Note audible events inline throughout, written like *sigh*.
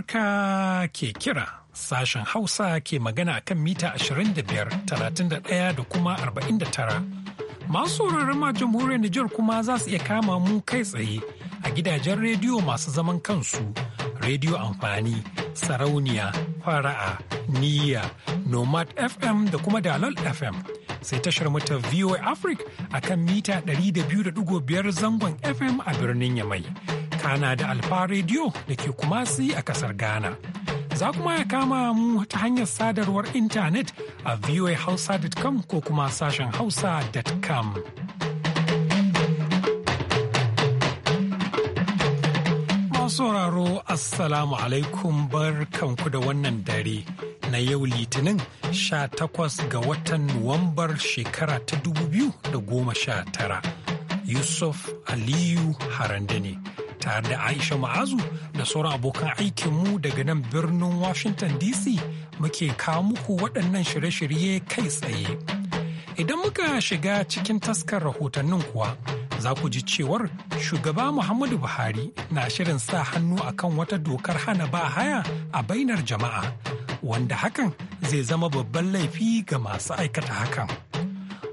Amurka ke kira sashen Hausa ke magana akan mita 25, 31 da kuma 49. Masu sauraron ma jamhuriyar Nijar kuma za su iya kama mu kai tsaye a gidajen rediyo masu zaman kansu, rediyo amfani, sarauniya, fara'a, niyya, nomad FM da kuma dalol FM. Sai tashar mata VOA Africa akan mita 200.5 zangon FM a birnin Yamai. kana da Alfa Radio da ke Kumasi a kasar Ghana. Za kuma ya kama mu ta hanyar sadarwar intanet a voahausa.com ko kuma sashen hausa.com. sauraro assalamu alaikum barkanku da wannan dare na yau litinin 18 ga watan nuwambar shekara ta 2019 yusuf aliyu harande ne tare da Aisha Ma'azu da sauran abokan aikinmu daga nan birnin Washington DC muke kawo muku waɗannan shirye-shirye kai tsaye. Idan muka shiga cikin taskar rahotannin kuwa, za ku ji cewar shugaba Muhammadu Buhari na shirin sa hannu akan wata dokar hana ba haya a bainar jama'a, wanda hakan zai zama babban laifi ga masu aikata hakan.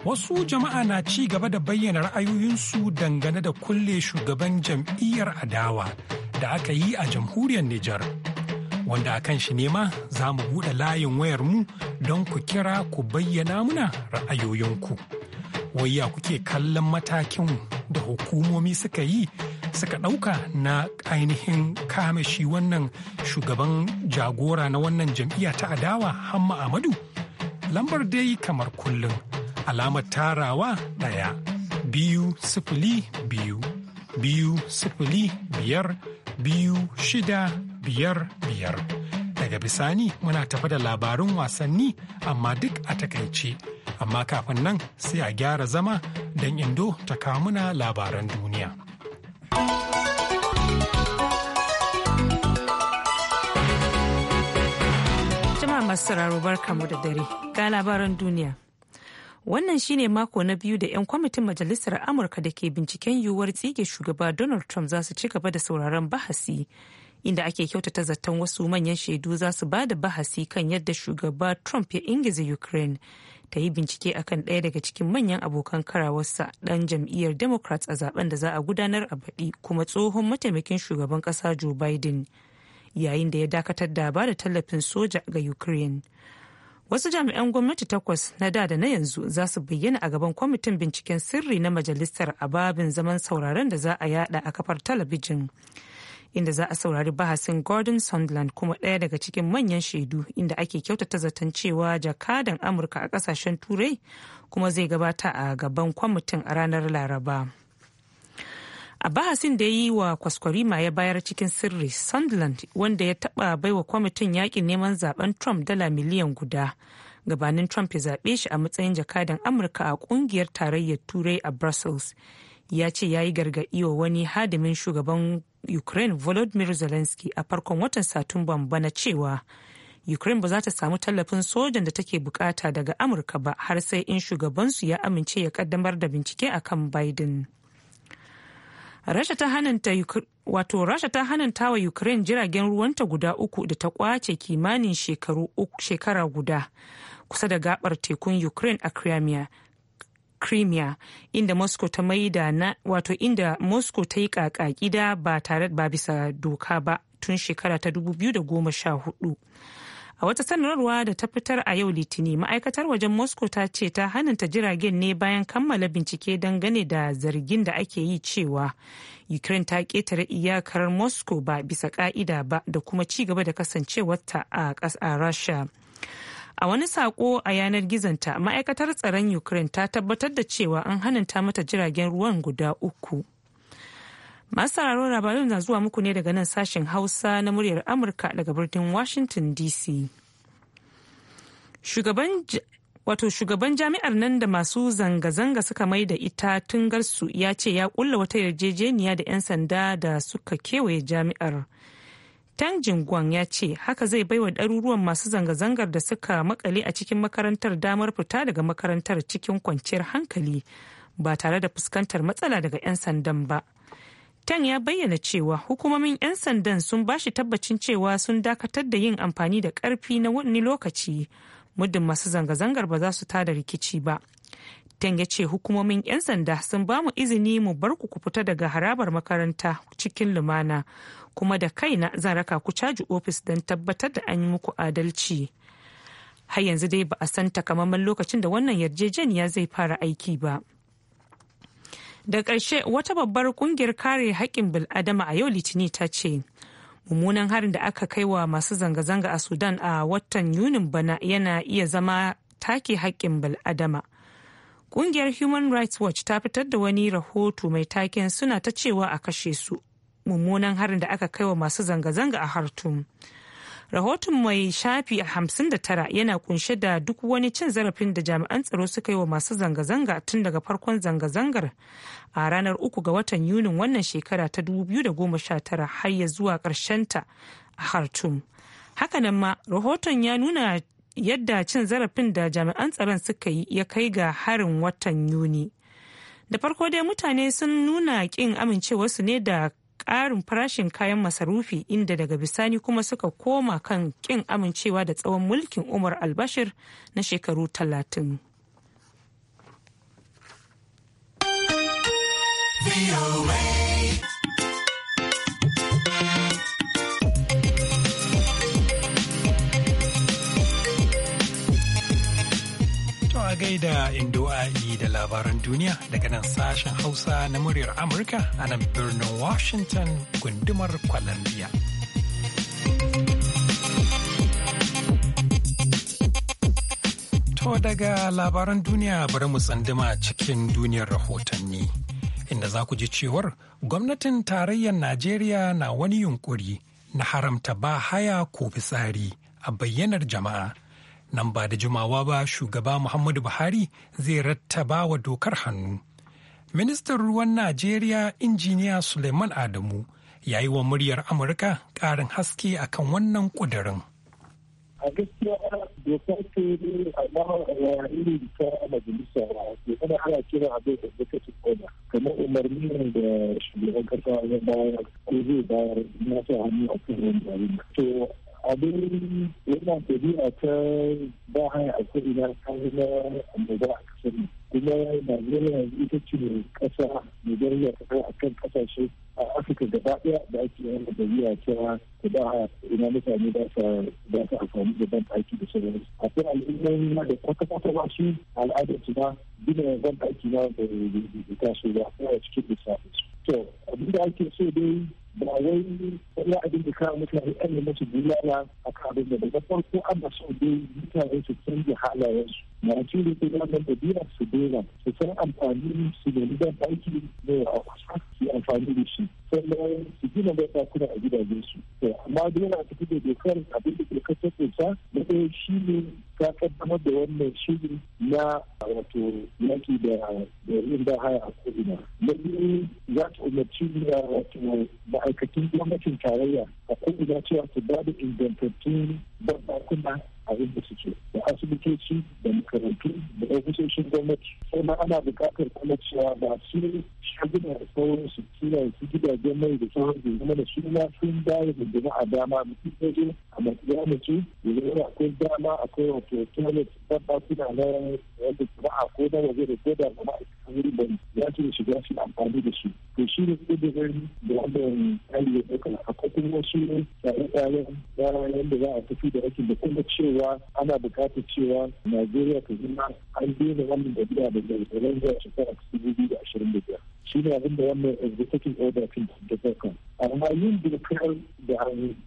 Wasu jama'a na ci gaba da bayyana ra'ayoyinsu dangane da kulle shugaban jam'iyyar adawa da aka yi a jamhuriyar Nijar. Wanda a kan shi nema za mu buɗe layin wayarmu don ku kira ku bayyana muna ra'ayoyinku. Wayya kuke kallon matakin da hukumomi suka yi suka ɗauka na ainihin kamashi wannan shugaban jagora na wannan jam'iyya ta adawa hamma amadu lambar dai kamar kullum alamar tarawa ɗaya biyu sifili biyu biyu sifili biyar biyu shida biyar biyar daga bisani muna tafa da labarun wasanni amma duk a takaice amma kafin nan sai a gyara zama don indo ta kamuna labaran duniya jama'a masu sauraro barkamu da dare ga labaran duniya Wannan shine mako na biyu da 'yan kwamitin Majalisar Amurka da ke binciken yiwuwar tsige shugaba Donald Trump za su ci gaba da sauraron bahasi, inda ake kyautata zaton wasu manyan shaidu za su ba da bahasi kan yadda shugaba Trump ya ingiza Ukraine ta yi bincike akan ɗaya daga cikin manyan abokan karawarsa ɗan jam'iyyar Democrats a zaben da za a gudanar a baɗi kuma tsohon mataimakin shugaban ƙasa Joe Biden yayin da ya dakatar da ba da tallafin soja ga Ukraine. wasu jami'an gwamnati takwas na da da na yanzu za su bayyana a gaban kwamitin binciken sirri na majalisar a babin zaman sauraron da za a yada a kafar talabijin inda za a saurari bahasin gordon sunderland kuma ɗaya daga cikin manyan shaidu inda ake kyautata zaton cewa jakadan amurka a ƙasashen turai kuma zai gabata a gaban kwamitin a ranar laraba. a bahasin da ya yi wa kwaskwarima ya bayar cikin sirri sunderland wanda ya taba baiwa kwamitin yakin neman zaben trump dala miliyan guda gabanin trump ya zaɓe shi a matsayin jakadan amurka a kungiyar tarayyar turai a brussels ya ce ya yi gargaɗi wa wani hadimin shugaban ukraine volodymyr zelensky a farkon watan satumban bana cewa ukraine ba za ta samu tallafin sojan da take bukata daga amurka ba har sai in shugabansu ya amince ya kaddamar da bincike akan biden rasha ta hananta wato rasha ta hananta wa ukraine jiragen ruwanta guda uku da ta kwace kimanin shekara guda kusa da gabar tekun ukraine a crimea crimea inda moscow ta maida na wato inda moscow ta yi kaka gida ba tare ba bisa doka ba tun shekara ta 2014 a wata sanarwa da ta fitar a yau litini ma'aikatar wajen moscow ta ce ta hananta jiragen ne bayan kammala bincike dangane da zargin da ake yi cewa ukraine ta ketare iyakar moscow ba bisa ka'ida ba da kuma ci gaba da kasancewarta a ƙasa rasha a wani saƙo a yanar gizonta ma'aikatar tsaron ukraine ta tabbatar da cewa an hananta mata jiragen ruwan guda uku. Masu sauraro labarin na zuwa muku ne daga nan sashen Hausa na muryar Amurka daga birnin Washington DC. Shugaban Wato shugaban jami'ar nan da masu zanga-zanga suka mai da ita tungarsu ya ce ya kulla wata yarjejeniya da 'yan sanda da suka kewaye jami'ar. Tang Jingguang ya ce haka zai baiwa ɗaruruwan masu zanga-zangar da suka makale a cikin makarantar damar fita daga makarantar cikin kwanciyar hankali ba tare da fuskantar matsala daga 'yan sandan ba. Tan ya bayyana cewa hukumomin 'yan sandan sun ba shi tabbacin cewa sun dakatar da yin amfani da karfi na wani lokaci muddin masu zanga-zangar ba za su tada rikici ba. Tan ya ce hukumomin 'yan sanda sun ba mu izini mu bar ku ku fita daga harabar makaranta cikin lumana kuma da kaina zan raka ku caji ofis don tabbatar da an yi muku adalci. Har yanzu dai ba a san takamaiman lokacin da wannan yarjejeniya zai fara aiki ba. da ƙarshe wata babbar ƙungiyar kare haƙƙin bil'adama a yau litini ta ce mummunan harin da aka kai wa masu zanga-zanga a sudan a watan yunin bana yana iya zama take haƙƙin bil'adama ƙungiyar human rights watch ta fitar da wani rahoto mai taken suna ta cewa a kashe su mummunan harin da aka kai wa masu zanga-zanga a hartum rahoton mai shafi hamsin da tara yana kunshe da duk wani cin zarafin da jami'an tsaro suka yi wa masu zanga-zanga tun daga farkon zanga-zangar a ranar uku ga watan yunin wannan shekara ta da goma sha tara har ya zuwa ta a hartum hakanan ma rahoton ya nuna yadda cin zarafin da jami'an tsaron suka yi ya kai ga harin watan yuni da farko dai mutane sun nuna kin amincewarsu ne da ƙarin farashin kayan masarufi inda daga bisani kuma suka koma kan ƙin amincewa da tsawon mulkin umar albashir na shekaru talatin. gaida Indo e. labaran duniya daga nan sashen Hausa na muryar Amurka a nan birnin Washington gundumar Columbia. To daga labaran duniya bari mu tsanduma cikin duniyar rahotanni. Inda za ku ji cewar gwamnatin tarayyar Najeriya na wani yunkuri na haramta ba haya ko fitsari a bayyanar jama'a. nan ba da jimawa ba shugaba muhammadu buhari zai rattaba wa dokar hannu ministan ruwan najeriya injiniya suleiman adamu ya yi wa muryar amurka ƙarin haske a kan wannan ƙudurin. a gaskiya dokar ta yi amma a irin ta majalisa ke kuma ana kira abin da duka cikin kona kamar umarni ne da shugaban kasa ya bayar ko zai bayar na sa hannu a kan wani to abin yana tafiya ta ba haya a ko'ina ta zama annoba a kasar kuma najeriya ita ce kasa najeriya ta kai akan kasashe a afirka gaba ɗaya da ake yin najeriya ta ta ba haya ina mutane ba sa ba sa amfani da ban aiki da sauransu akwai al'ummar ma da kwata-kwata ba su al'adar su ba gina ban aiki na da ta so ba a cikin lissafin su to abin da ake so dai ba wai wani abin da kawo mutane an yi musu bulala a kabin da daga farko an da son dai mutane su canza halayensu masu da ke wannan biya su dora su san amfani su da gidan aiki ne a kusa su amfani da shi sannan su gina mai ɗakuna a gidajensu to amma dole a tafi da dokar abin da ke kasar kusa da ɗaya shi ne ta kaddamar da wannan shirin na wato yaki da yin da haya a ko'ina na biyu za ta umarci da wato ma'aikatan gwamnatin tarayya a kuma cewa su ba da ingantattun kuma a yadda suke da asibitoci da makarantu da ofisoshin gwamnati ma ana bukatar kuma cewa ba su shaguna da sauran su suna su gidajen mai da sauran su zama da su ma sun bayar da jama'a dama mutum ya zo a matsaya da zai zama akwai dama akwai wato toilet ba suna na yadda jama'a ko na waje da ko da kuma a wuri ba ya ce shiga su amfani da su to shi ne su da wannan tsari ya ɗauka akwai kuma wasu tsare-tsaren yadda za a tafi da rakin da kuma cewa cewa ana bukatar cewa najeriya ta zama an daina wannan tafiya da zai zuwa shekara ta dubu da ashirin da biyar shi ne abin da wannan executive order ta tabbatar kan amma yin dokar da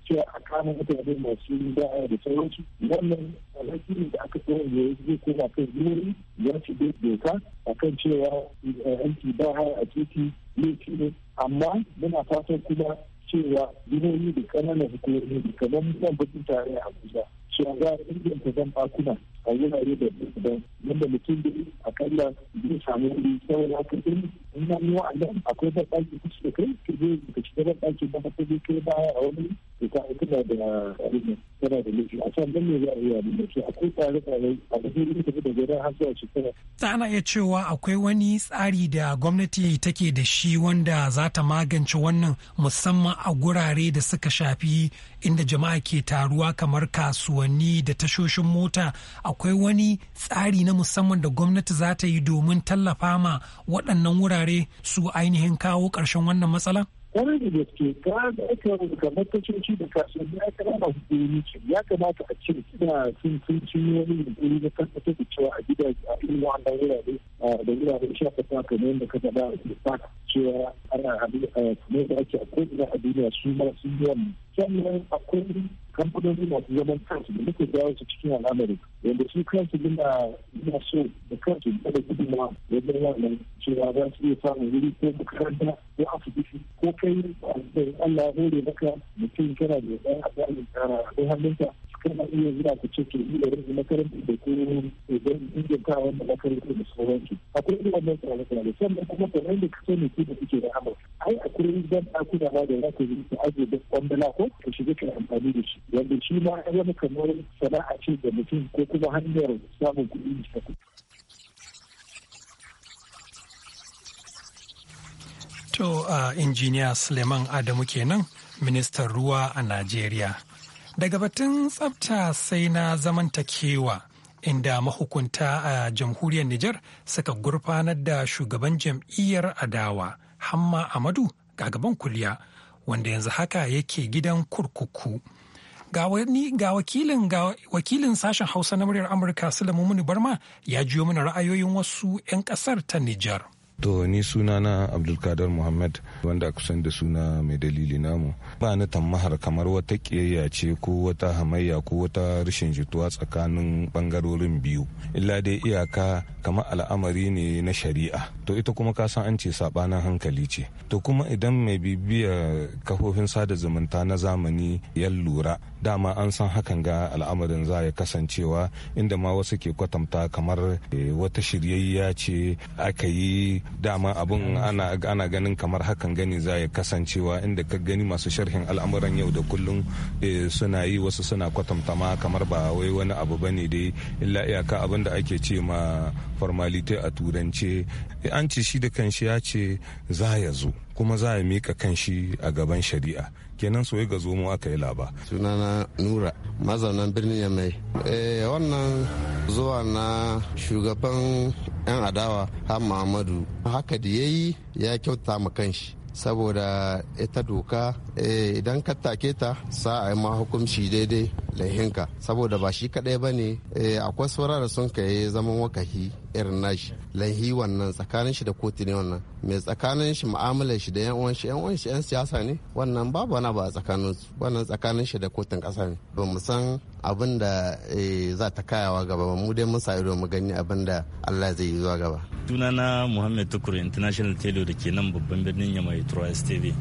cewa a kama mutane masu da'a da sauransu wannan alhaki da aka tsoro ya zai koma kan jimuri ya ci doka a kan cewa yanki eh, ba a titi laifi ne amma muna fatan kuma cewa jimuri da kananan hukumomi kamar mutum bakin tare a abuja cewa za a inganta zan bakuna a wurare da da yadda mutum da akalla zai samu wuri tsawon haka din in na yi wa'annan akwai ban ɗaki kusa da kai ka je ka shiga ban ɗaki ba haka zai kai baya a wani da ta tana da tana da laifi a can dan ne za a yi abin da ke akwai tsare-tsare a cikin da tafi da gidan har zuwa shekara. ta ana iya cewa akwai wani tsari da gwamnati take da shi wanda za ta magance wannan musamman a gurare da suka shafi inda jama'a ke taruwa kamar kasuwanni kasuwanni da tashoshin mota akwai wani tsari na musamman da gwamnati za ta yi domin tallafa ma waɗannan wurare su ainihin kawo ƙarshen wannan matsala? kwarai da gaske ta da aka ga tashoshi da kasuwanni ya kamata su ke yi ya kamata a ce suna sun sun cin wani yunkuri na tabbatar da cewa a gida a irin wa'annan wurare da wuraren shakatawa kamar yadda ka faɗa a cewa ana abin kamar da ake a ko'ina a duniya su ma sun yi wannan sannan akwai kamfanoni masu zaman kansu da muka jawo su cikin al'amari wanda su kansu muna muna so da kansu da da gudunma wajen wannan cewa za su iya samun wuri ko makaranta ko asibiti ko kai da Allah ya hore maka mutum kana da ɗan a tsarin tsara a hannunka kana iya zuwa ku ce ke iya rage makaranta da ko idan inganta wannan makaranta da sauransu akwai irin wannan tsare-tsare sannan kuma kamar da kusa ne ku da kuke da amal ai idan a kuna ba da zaka yi ta ajiye da kwandala ko ku shiga ka amfani da shi wanda shi ma ya zama kamar sana'a ce da mutum ko kuma hanyar samun kuɗi da kuɗi. To a ah, injiniya Suleiman Adamu kenan ministan ruwa a Najeriya. Daga batun tsabta sai na zamantakewa inda mahukunta a jamhuriyar Nijar suka gurfanar da shugaban jam'iyyar adawa Hamma Amadu gaban kuliya wanda yanzu haka yake gidan kurkuku. Ga, wakilin wakilin sashen Hausa na muryar Amurka Sulaimu Barma ya jiyo mana ra'ayoyin wasu 'yan kasar ta Nijar. To ni suna na Abdulkadir Muhammad wanda kusan da suna mai dalili namu. Ba ni tammahar kamar wata ƙiyayya ce ko wata hamayya ko wata rashin jituwa tsakanin bangarorin biyu. Illa dai iyaka kamar al'amari ne na shari'a. To ita kuma ka san an ce sabanin hankali ce. To kuma idan mai bibiya kafofin sada zumunta na zamani ya lura dama an san hakan ga al'amarin za ya kasancewa inda ma wasu ke kwatanta kamar eh, wata shiryayya ce aka yi dama abun ana ganin kamar hakan gani za ya kasancewa inda ka gani masu sharhin al'amuran yau da kullum eh, suna yi wasu suna kwatanta ma kamar ba wai wani abu ba ne dai illa iyaka abin da ake ce ma formalite a turance eh, an ce shi da kanshi ya ce za ya zo kuma za ya mika kanshi a gaban shari'a kenan soye ga zomo aka yi laba sunana nura mazaunan birnin yamai eh, wannan zuwa na shugaban 'yan adawa ha muhammadu haka da ya yi ya kyauta ma kanshi saboda ita doka eh, idan ka take ta sa a yi ma hukunci daidai laihinka saboda ba shi kadai ba ne eh, akwai saura da sun ka yi zaman wakahi irin nashi lahi wannan tsakanin shi da kotu ne wannan mai tsakanin shi mu'amalar shi da yan yan yan siyasa ne wannan babu wani ba tsakanin su wannan tsakanin shi da kotun kasa ne ba mu san abin da eh, za ta kayawa gaba ba mu dai mun sa ido mu gani abin da Allah zai yi zuwa gaba sunana Muhammad Tukur International Tailor da ke nan babban birnin Yamai Trois TV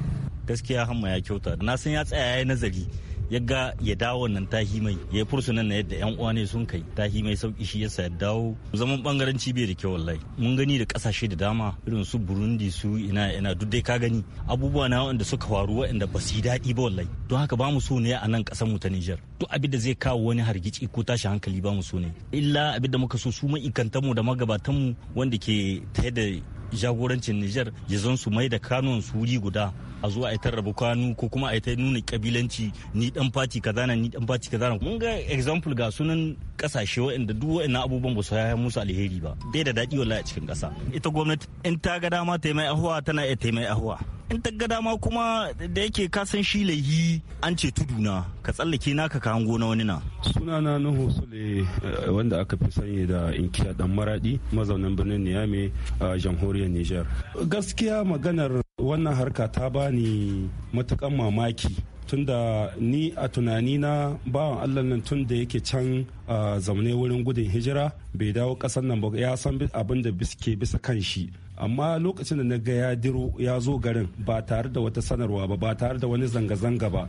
gaskiya hamma ya kyauta na san ya tsaya ya yi nazari ya ga ya dawo nan tahi mai ya fursu nan na yadda yan uwa ne sun kai tahi mai sauki shi yasa ya dawo zaman bangaranci bai da kyau wallahi mun gani da kasashe da dama irin su Burundi su ina ina duk dai ka gani abubuwa na wanda suka faru waɗanda ba su yi daɗi ba wallahi don haka ba mu so ne a nan ƙasar mu ta Niger duk abin da zai kawo wani hargici ko tashi hankali ba mu so ne illa abin da muka so su ma'aikantan mu da magabatan mu wanda ke ta da jagorancin Nijar ya zan su mai da kanon su guda a zuwa a ta rabu kwanu ko kuma a ta nuna kabilanci ni dan fati kaza na ni dan fati kaza na mun ga example ga sunan kasashe waɗanda duk waɗannan abubuwan ba su haya musu alheri ba bai da daɗi wallahi a cikin ƙasa ita gwamnati in ta ga dama ta mai ahuwa tana iya ta mai ahuwa in ta ga dama kuma da yake ka san shi laihi an ce tuduna ka tsallake naka ka hango na wani na suna na nuhu sule eh, wanda aka fi sanya da inkiya dan maradi mazaunin birnin niyame a jamhuriyar niger gaskiya maganar wannan harka ta bani matukan mamaki tunda ni a tunani na bawan allah nan tun da yake can a zaune wurin gudun hijira bai dawo kasan nan ba ya san abin da ke bisa kan shi amma lokacin da na ga ya diro ya zo garin ba tare da wata sanarwa ba ba tare da wani zanga-zanga ba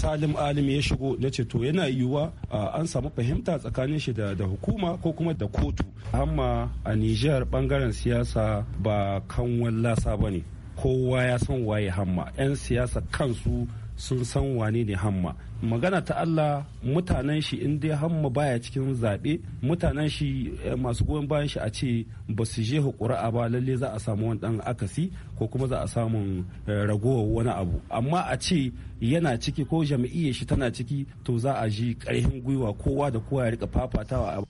salim alim ya shigo na ce to yana yiwuwa an samu fahimta tsakanin shi da hukuma ko kuma da kotu amma a nijar bangaren siyasa ba kan wallasa ba ne kowa ya san waye hamma 'yan siyasa kansu sun san wane ne hamma magana ta Allah mutanen shi in dai hamma baya cikin zaɓe mutanen shi eh, masu goyon bayan shi a ce ba su je huƙuri'a ba lalle za a samu wani ɗan akasi ko kuma za a samu eh, ragowar wani abu amma a ce yana ciki ko jam'iyyar shi tana ciki to za a ji ƙarfin gwiwa kowa da kowa ya rika fafatawa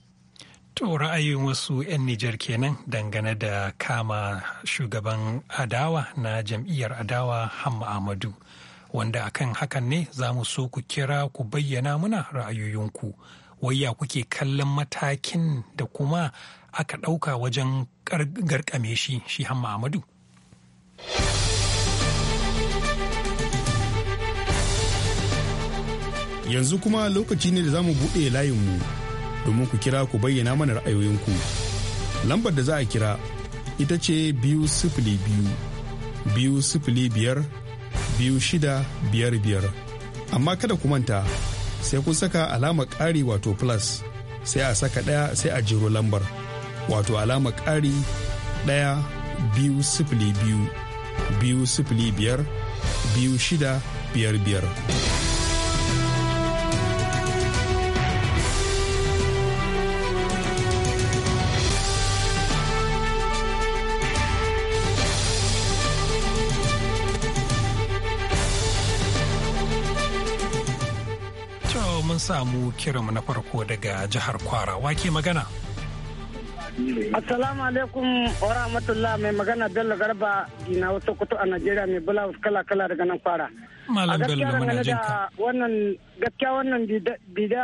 To ra'ayin wasu 'yan Nijar kenan dangane da kama shugaban adawa na jam'iyyar adawa Hamma Ahmadu. wanda akan hakan ne za mu so ku kira ku bayyana muna ra'ayoyinku wayya kuke kallon matakin da kuma aka ɗauka wajen garkame shi shi hamadu yanzu kuma lokaci ne da za mu buɗe layinmu domin ku kira ku bayyana mana ra'ayoyinku lambar da za a kira ita ce biyu sifili biyu biyu sifili biyar biyu shida 2655 amma kada ku manta sai kun saka alama ƙari wato plus sai a saka ɗaya sai a jiro lambar wato alama ƙari ɗaya biyu sifili biyu biyu sifili biyar biyu shida biyar biyar. samu kiranmu na farko daga jihar Kwara. Wake magana? Assalamu alaikum wa rahmatullah mai magana Bello Garba ina wasu kutu a Najeriya mai bula kala kala daga nan Kwara. Malam Bello mana jinka. Wannan gaskiya wannan bida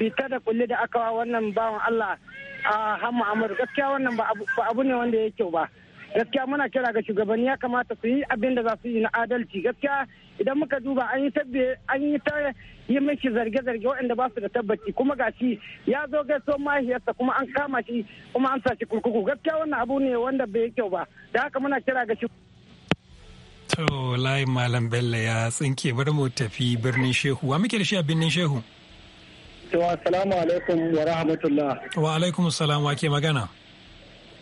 bita da kulle da aka wa wannan bawan Allah a Hamma Amadu gaskiya wannan ba abu ne wanda ya kyau ba. gaskiya muna kira ga shugabanni ya kamata su yi abin da za su yi na adalci gaskiya idan muka duba an yi tabbe an yi ta yi mishi zarge-zarge waɗanda ba su da tabbaci kuma shi ya zo so mahiyarsa kuma an kama shi kuma an sa shi kurkuku gaskiya wannan abu ne wanda bai kyau ba da haka muna kira ga shi. To layi Malam Bello ya tsinke bar mu tafi birnin Shehu. Wa muke da shi a birnin Shehu? To assalamu alaikum wa rahmatullah. Wa alaikum salam wa ke magana?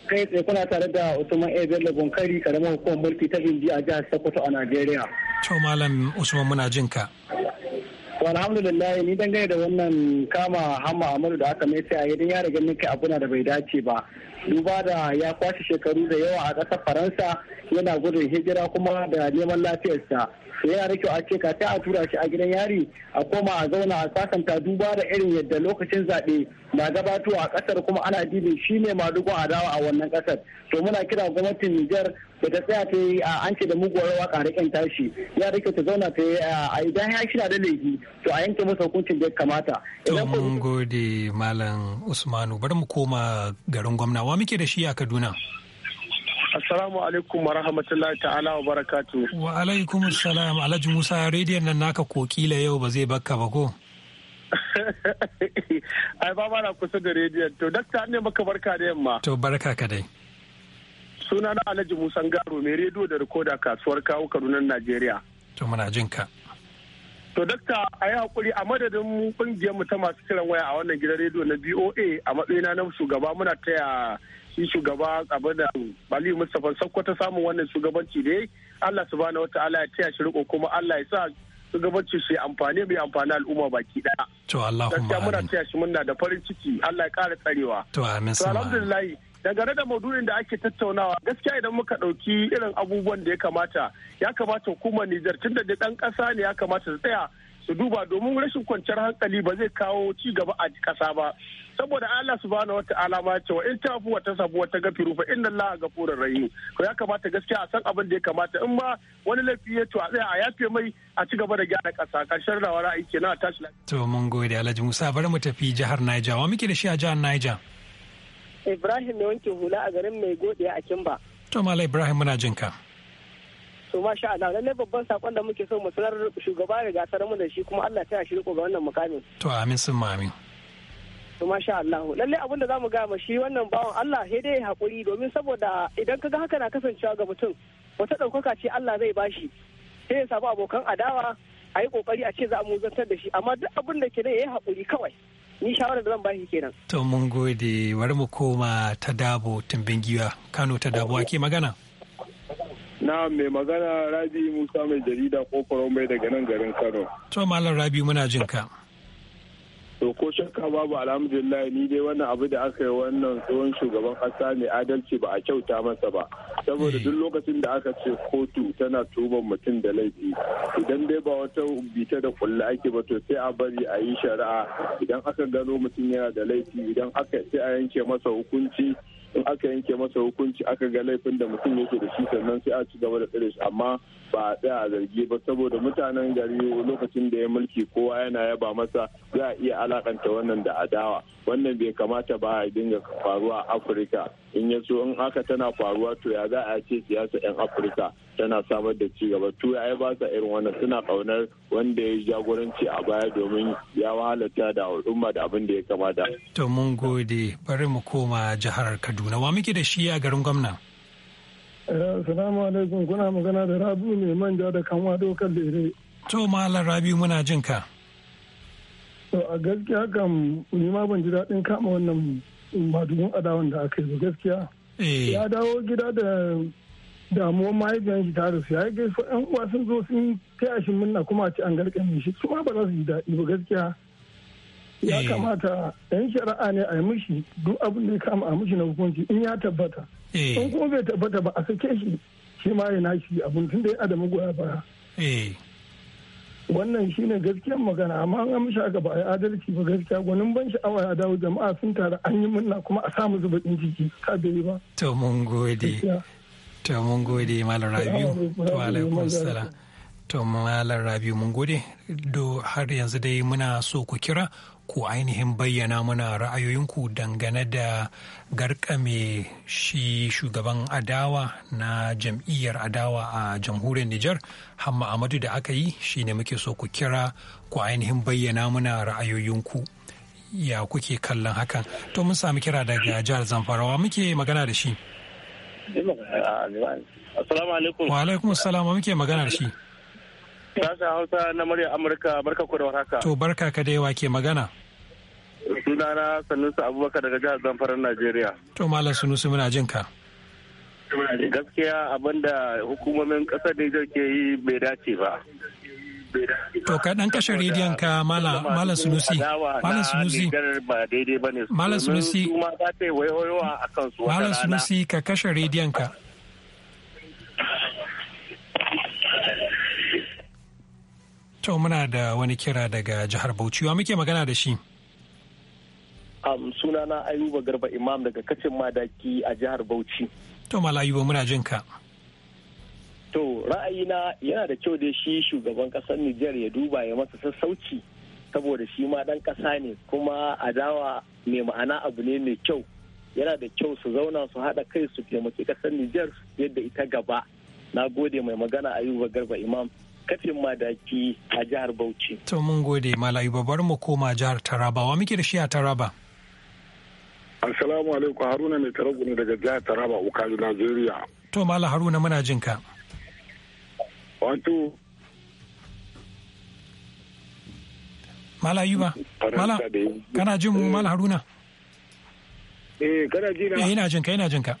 kai tsaye kuna tare da Usman A. da Bunkari karamar hukumar mulki ta Bindi a jihar Sokoto a Najeriya. To Malam Usman muna jin ka. alhamdulillah ni dangane da wannan kama hamma amadu da aka mai a yadda ya riga nake abuna da bai dace ba duba da ya kwashe shekaru da yawa a ƙasar faransa yana gudun hijira kuma da neman lafiyarsa yana da kyau a ce ka ta a tura shi a gidan yari a koma a zauna a sasanta duba da irin yadda lokacin zaɓe na gabato a ƙasar kuma ana dibin shi ne madugun adawa a wannan ƙasar to muna kira gwamnatin Nijar da ta tsaya ta yi a an ce da muguwar rawa karakin tashi ya rike ta zauna ta yi a idan ya shi da laifi to a yanke masa hukuncin da ya kamata. To mun gode Malam Usmanu bari mu koma garin gwamna wa muke da shi a Kaduna. Assalamu alaikum wa rahmatullahi ta'ala wa barakatu. Wa alaikum assalam Alhaji Musa rediyon nan naka kokila yau ba zai bakka ba ko? *laughs* Ai ba na kusa da rediyon to dakta ne maka barka da yamma. To barka ka dai. Suna na Alhaji Musa Garo mai rediyo da rikoda kasuwar kawo Kaduna Najeriya. To muna jin ka. To dakta a yi hakuri a madadin kungiyar mu ta masu kiran waya a wannan gidan rediyo na BOA a matsayina na shugaba muna taya shi shugaba abin da Aliyu Mustapha ta samun wannan shugabanci da Allah subhanahu wataala ya taya shi riko kuma Allah ya sa shugabanci shi amfani mai amfani al'umma baki daya. To Allahumma amin. muna taya shi muna da farin ciki Allah ya kara tsarewa. To amin. To alhamdulillah dangane da maudu'in da ake tattaunawa gaskiya idan muka ɗauki irin abubuwan da ya kamata ya kamata hukumar Nijar tun da dan kasa ne ya kamata su tsaya su duba domin rashin kwanciyar hankali ba zai kawo ci gaba a kasa ba saboda Allah subhanahu wa ta'ala ma ce wa in ta fi wata sabuwa ta gafiru fa inna Allah gafurur rahim to ya kamata gaskiya a san abin da ya kamata in ma wani laifi ya to a tsaya a yafe mai a ci gaba da gyara kasa karshen rawa ra'ayi kenan a tashi to mun gode Alhaji Musa bari mu tafi jihar Niger wa muke da shi a jihar Niger Ibrahim ne wanke hula a garin mai godiya a Kimba to Malam Ibrahim muna jinka so ma Allah lallai babban sakon da muke so mu sanar shugaba ya gasar mu da shi kuma Allah ta shi riko ga wannan mukamin to amin sun amin to masha Allah lalle abin da zamu ga shi wannan bawan Allah sai dai hakuri domin saboda idan kaga haka na kasancewa ga mutum wata daukaka ce Allah zai bashi sai ya samu abokan adawa a yi kokari a ce za mu zantar da shi amma duk abin da ke da yayi hakuri kawai ni shawarar da zan bashi kenan to mun gode bari mu koma ta dabo tumbin Kano ta dabo ake magana Na mai magana Rabi Musa mai jarida ko mai daga nan garin Kano. To Malam Rabi muna jin ka. To ko shakka babu alhamdulillah ni dai wannan abu da aka yi wannan tsohon shugaban kasa ne adalci ba a kyauta masa ba. Saboda duk eh. lokacin da aka ce kotu tana tuban mutum da laifi idan dai ba wata bita da kulla ake ba to sai a bari a yi shari'a idan aka gano mutum yana da laifi idan aka sai a yanke masa hukunci in aka yanke masa hukunci aka ga laifin da mutum yake da shi sannan sai a ci gaba da tsare shi amma ba a tsaya a zargi ba saboda mutanen gari lokacin da ya mulki kowa yana yaba masa za a iya alakanta wannan da adawa wannan bai kamata ba a dinga faruwa a afirka in ya so in aka tana faruwa to ya za a ce siyasa 'yan afirka tana samar da ci gaba ya ba sa irin wannan suna kaunar wanda ya jagoranci a baya domin ya wahalata da al'umma da abin da ya kamata to mun gode bari mu koma jihar kaduna Kaduna. Wa muke da shi a garin gwamna? Eh, assalamu alaikum kuna magana da Rabu mai manja da kanwa dokar lere. To Malam Rabi muna jin ka. To a gaskiya kam ni ma ban ji daɗin kama wannan madugun adawan da aka yi ba gaskiya. Eh. Ya dawo gida da damuwar mahaifiyar shi tare su ya gaisu yan uwa sun zo sun taya shi munna kuma a ci an garkan shi su ma ba za su ji daɗi ba gaskiya. ya eh. kamata yan shari'a ne a yi mushi duk abin da ya kama a mushi na hukunci in ya tabbata eh. in kuma bai tabbata ba a sake shi shi ma ya nashi abin tun da ya adamu goya baya eh. wannan shi ne gaskiyar magana amma an mishi aka ba a yi adalci ba gaskiya gwanin ban sha'awa ya dawo jama'a sun taru an yi murna kuma a samu zuba ciki ka bai ba to mun gode to mun gode malam rabiu wa alaikum salam To Malam Rabi mun gode, do har yanzu dai muna so ku kira ku ainihin bayyana muna ra'ayoyinku dangane da garkame shi shugaban adawa na jam'iyyar adawa a jamhuriyar Nijar, Hamma Amadu da aka yi shi ne muke so ku kira ku ainihin bayyana muna ra'ayoyinku. Ya kuke kallon hakan, to mun sami kira daga jihar Zamfarawa muke magana da shi. wa alaikum. Wa muke magana da shi. Sashen Hausa na murya Amurka barka ku da warhaka. To barka ka dai wake magana. Sunana Sanusi Abubakar daga jihar Zamfara Najeriya. To Malam Sanusi muna jin ka. Gaskiya abinda hukumomin ƙasar Nijar ke yi bai dace ba. To ka dan kashe rediyon ka Malam Sunusi. Malam Sunusi. Malam Sunusi. Malam Sunusi ka kashe rediyon ka. To muna da wani kira daga jihar Bauchi. Wa muke magana da shi? Um, na Ayuba Garba Imam daga kacin madaki a jihar Bauchi. To Mala Ayuba muna jin ka. To ra'ayina yana da kyau da shi shugaban kasar Nijar ya duba ya masa sassauci saboda shi ma dan ƙasa ne kuma adawa mai ma'ana abu ne mai kyau yana da kyau su zauna su haɗa kai su taimaki ƙasar Nijar yadda ita gaba. Na gode mai magana Ayuba Garba Imam. kafin madaki a jihar Bauchi. To mun gode Malayu babbar mu koma jihar Taraba wa muke da shi a Taraba. Assalamu alaikum Haruna mai ne daga jihar Taraba Ukaju Najeriya. To Mala Haruna muna jin ka. Wato Mala Yuba. Mala, kana jin Mala Haruna? Eh, kana jina. Eh, ina jin ka, ina jin ka.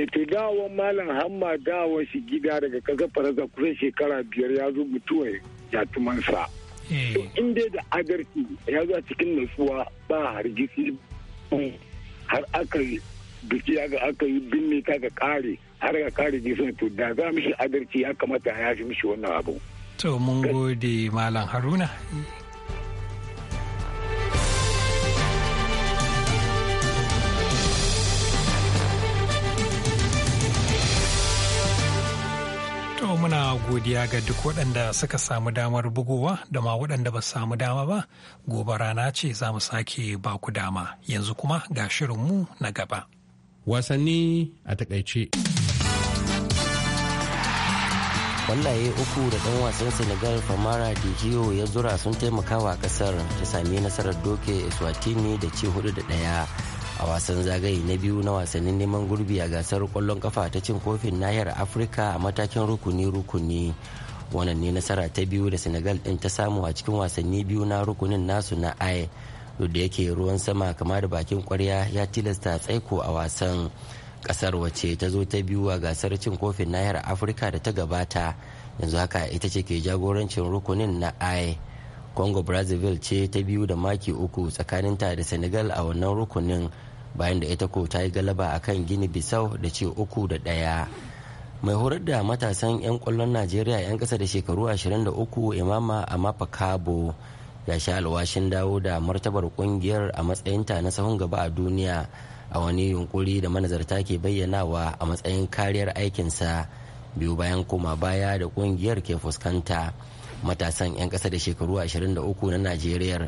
Eh, to dawon malam hamma dawon shi gida daga kasar faransa kusan shekara biyar ya zo mutuwar yatumansa eh. in dai da agarki ya zo a cikin nasuwa ba hargisi har aka yi biki ga aka yi binne ta ga kare har ga kare jisun to da za mishi agarki ya kamata ya fi mishi wannan abu to mun gode malam haruna godiya ga duk waɗanda suka samu damar bugowa da ma waɗanda ba samu dama ba gobe rana ce za mu sake ba ku dama yanzu kuma ga shirinmu na gaba. Wasanni a takaice. wallaye uku da ɗan wasan senegal famara dijiyo ya zura sun taimakawa ƙasar ta sami nasarar doke eswatini da ci hudu da ɗaya a wasan zagaye na biyu na wasannin neman gurbi a gasar kwallon kafa ta cin kofin nahiyar afirka a matakin rukuni-rukuni wannan ne nasara ta biyu da senegal din ta samu a cikin wasanni biyu na rukunin nasu na ai duk da yake ruwan sama kama da bakin kwarya ya tilasta tsaiko a wasan kasar wace ta zo ta biyu a gasar cin kofin nahiyar afirka da ta gabata yanzu haka ita ce ke jagorancin rukunin na ai congo brazzaville ce ta biyu da maki uku tsakaninta da senegal a wannan rukunin bayan da ita ko ta yi galaba a kan gini bisau da ce uku da ɗaya mai horar da matasan 'yan kwallon najeriya 'yan ƙasa da shekaru 23 imama amafa kabo ya sha alwashin dawo da martabar kungiyar a matsayinta na sahun gaba a duniya a wani yunkuri da manazarta ke bayyanawa a matsayin kariyar aikinsa biyu bayan koma baya da kungiyar ke fuskanta matasan 'yan ƙasa da shekaru 23 na najeriyar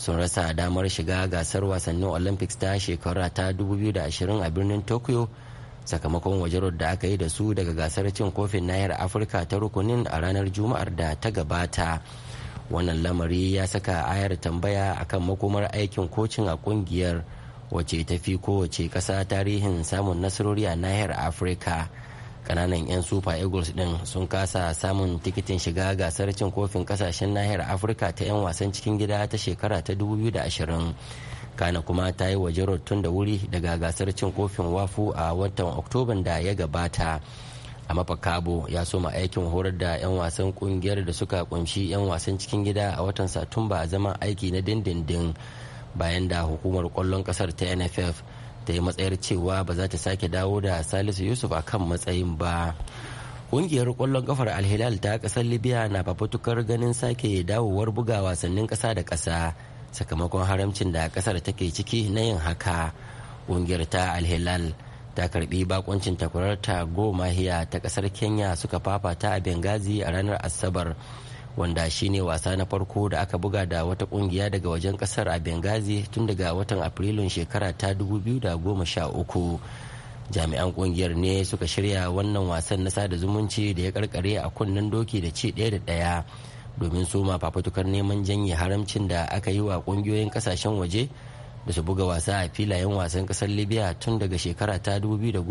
sun rasa damar shiga gasar wasannin olympics ta shekara ta 2020 a birnin tokyo sakamakon wajarar da aka yi da su daga gasar cin kofin nayar afirka ta rukunin a ranar juma'ar da ta gabata wannan lamari ya saka ayar tambaya akan makomar aikin kocin a kungiyar wace ta fi kowace kasa tarihin samun nasarori a nahiyar afirka kananan 'yan super eagles din sun kasa samun tikitin shiga gasar cin kofin kasashen nahiyar afirka ta 'yan wasan cikin gida ta shekara ta 2020 kana kuma ta yi waje tun da wuri daga gasar cin kofin wafu a watan oktoban da ya gabata a mafakabo ya soma aikin horar da 'yan wasan kungiyar da suka kunshi 'yan wasan cikin gida a watan satumba zama aiki na dindindin bayan da hukumar kwallon kasar ta nff ta yi matsayar cewa ba za ta sake dawo da salisu yusuf a kan matsayin ba ƙungiyar ƙwallon kafar alhilal ta ƙasar libya na fafutukar ganin sake dawowar buga wasannin ƙasa da ƙasa sakamakon haramcin da ƙasar take ciki na yin haka ƙungiyar ta alhilal ta karbi bakoncin takwarar ta goma hiya ta ƙasar kenya suka fafata a bengazi a ranar asabar wanda shine wasa na farko da aka buga da wata kungiya daga wajen kasar a bengazi tun daga watan afrilun shekara ta 2013 jami'an kungiyar ne suka shirya wannan wasan na sada zumunci da ya karkare a kunnen doki da ci daya da ɗaya domin soma fafutukar neman janye haramcin da aka yi wa kungiyoyin kasashen waje da su buga wasa a filayen wasan kasar libya tun daga shekara ta 2014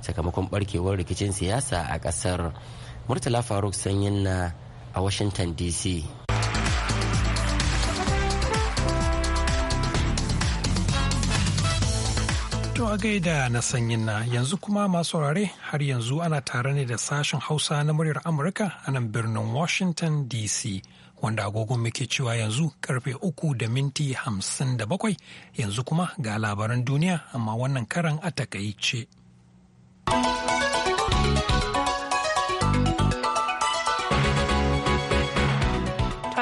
sakamakon barkewar rikicin siyasa a kasar murtala faruk sanyin na a Washington DC. To a gaida na sanyin na yanzu kuma masu saurare har yanzu ana tare ne da sashen Hausa na muryar Amurka a nan birnin Washington DC. Wanda agogon muke cewa yanzu karfe uku da minti hamsin da bakwai yanzu kuma ga labaran duniya amma wannan karan a takaice.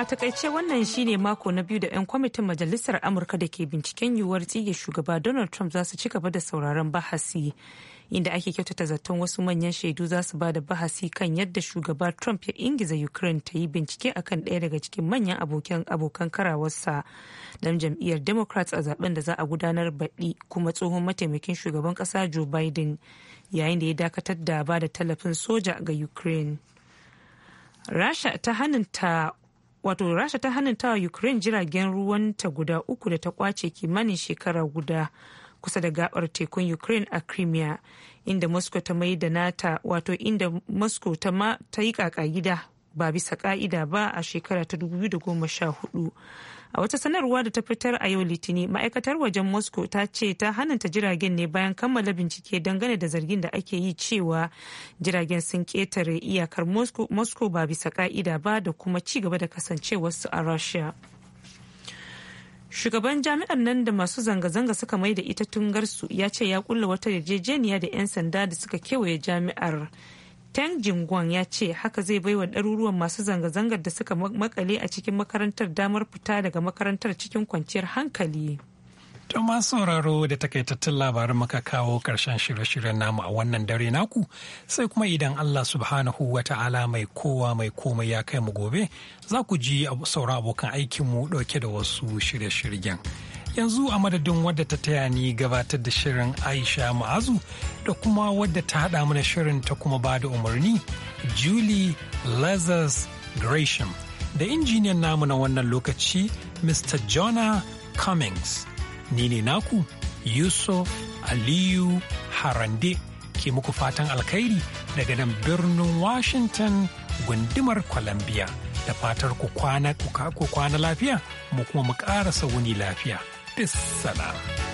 a takaice wannan shine mako na biyu da 'yan kwamitin majalisar amurka da ke binciken yiwuwar tsige shugaba donald trump za su ci gaba da sauraron bahasi inda ake kyautata zaton wasu manyan shaidu za su ba da bahasi kan yadda shugaba trump ya ingiza ukraine ta yi bincike akan ɗaya daga cikin manyan abokan karawarsa don jam'iyyar democrats a zaben da za a gudanar baɗi kuma tsohon mataimakin shugaban ƙasa joe biden yayin da ya dakatar da ba da tallafin soja ga ukraine rasha ta hannunta wato rasha ta hannunta wa ukraine jiragen ruwan ta guda uku da ta kwace kimanin shekara guda kusa da gabar tekun ukraine a crimea inda moscow ta mai da nata wato inda moscow ta ma ta yi kaka gida ba bisa ka'ida ba a shekara ta 2014 a wata sanarwa da ta fitar a yau litini ma'aikatar wajen moscow ta ce ta hananta jiragen ne bayan kammala bincike dangane da zargin da ake yi cewa jiragen sun ketare iyakar moscow ba bisa ka'ida ba da kuma ci gaba da kasancewarsu a russia shugaban jami'ar nan da masu zanga-zanga suka mai da ita tungarsu ya ce ya kulla wata yarjejeniya da 'yan sanda da suka kewaye jami'ar Teng Jingwang ya ce haka zai bai wa ɗaruruwan masu zanga-zangar da suka makale a cikin makarantar damar fita daga makarantar cikin kwanciyar hankali. To masu sauraro da takaitattun labarin muka kawo ƙarshen shirye-shiryen namu a wannan dare naku sai kuma idan Allah subhanahu wa ta'ala mai kowa mai komai ya kai mu gobe za ku ji sauran abokan aikinmu ɗauke da wasu shirye-shiryen. yanzu a madadin wadda ta taya ni gabatar da shirin aisha ma'azu da kuma wadda ta haɗa mana shirin ta kuma ba da umarni julie lazarus gresham da injiniyan namu na wannan lokaci mr jonah cummings ni ne naku yusuf aliyu harande ke muku fatan alkhairi daga nan birnin washington gundumar columbia da fatar ku kwana lafiya mu kuma mu ƙarasa wuni lafiya. بالسلامة